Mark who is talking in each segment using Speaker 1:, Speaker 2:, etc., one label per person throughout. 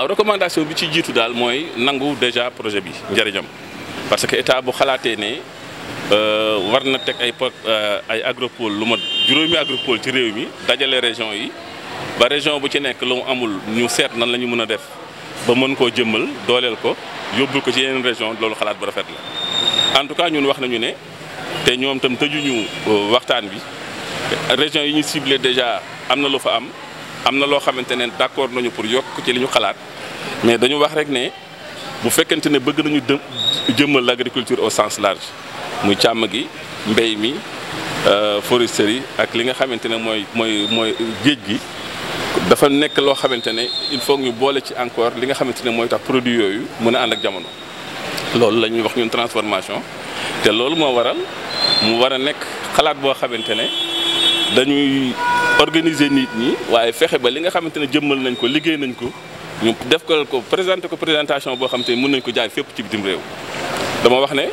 Speaker 1: waaw recommandation bi ci jitu dal moy nangu déjà projet bi njëriñam parce que état bu xalaatee né euh warna tek ay euh, ay agropole luma ma juróomi agropole ci réew mi dajale région yi ba région bu ci nek lu amul ñu seet nan lañu mëna def ba mën ko jëmmal dolel ko yobul ko ci yeneen région lolu xalaat bu rafet la en tout cas ñun wax nañu né té ñom tam tëjuñu euh, waxtaan bi région yi ñu ciblé déjà amna na lu fa am nous lo xamantene d'accord pour nous. ci mais dañu wax rek ne bu bëgg nañu au sens large muy cham gi mbey mi euh, foresterie ak li nga xamantene moy moy moy mooy Nous gi dafa nek lo xamantene encore li nga nous moy tax produit yoyu mëna and ak loolu la wax transformation te loolu mo waral mu organiser nit ñi waaye fexe ba li nga xamante ne jëmmal nañ ko liggéey nañ ko ñu def ko ko présenté ko présentation boo xam te ni mën nañ ko jaay fépp ci bitim réew dama wax ne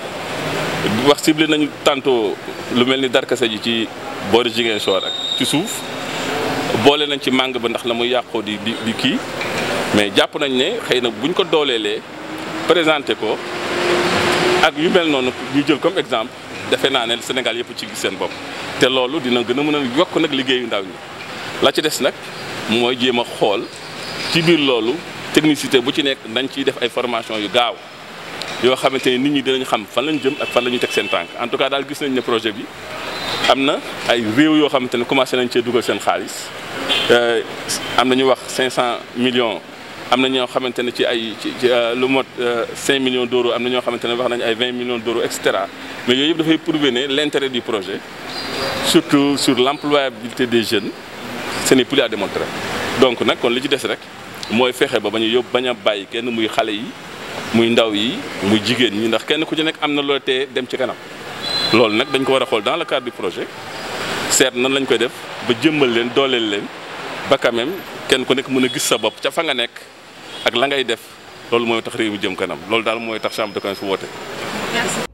Speaker 1: wax ciblé nañu tantôt lu mel ni darkase ji ci boori Ziguinchor ak ci suuf boole nañ ci màng ba ndax la muy yàqoo di di di kii mais jàpp nañ ne xëy na buñ ko dooleelee présenté ko ak yu mel noonu ñu jël comme exemple defe naa ne Sénégal yëpp ci gis seen bopp te loolu dina gën a mën a yokk nag liggéeyu ndaw ñi la ci des nag mooy jéem a xool ci biir loolu technicité bu ci nekk dañ ciy def ay formation yu gaaw yoo xamante ni nit ñi dinañ xam fan lañ jëm ak fan la ñu teg seen tànk en tout cas daal gis nañ ne projet bi am na ay réew yoo xamante ne commencé nañ cee dugal seen xaalis euh, am na ñu wax 500 millions. amna ñoo xamantene ci ay ci euh, lu mot 5 euh, millions d'euros amna ñoo xamantene wax nañ ay 20 millions d'euros etc mais yoyep da fay prouver né l'intérêt du projet surtout sur l'employabilité des jeunes ce n'est plus à démontrer donc nak kon li ci dess rek moy fexé ba bañu yob baña bay kenn muy xalé yi muy ndaw yi muy jigen ñi ndax kenn ku ci nekk amna na loo dem ci kanam lool nak dañ ko wara xol dans le cadre du projet seet nan lañ koy def ba jëmmal leen dooleel leen ba quand même kenn ku nekk mën a gis sa bopp ca fa nga nekk ak la ngay def loolu mooy tax réew mi jëm kanam loolu daal mooy tax chambre de commerce woote. merci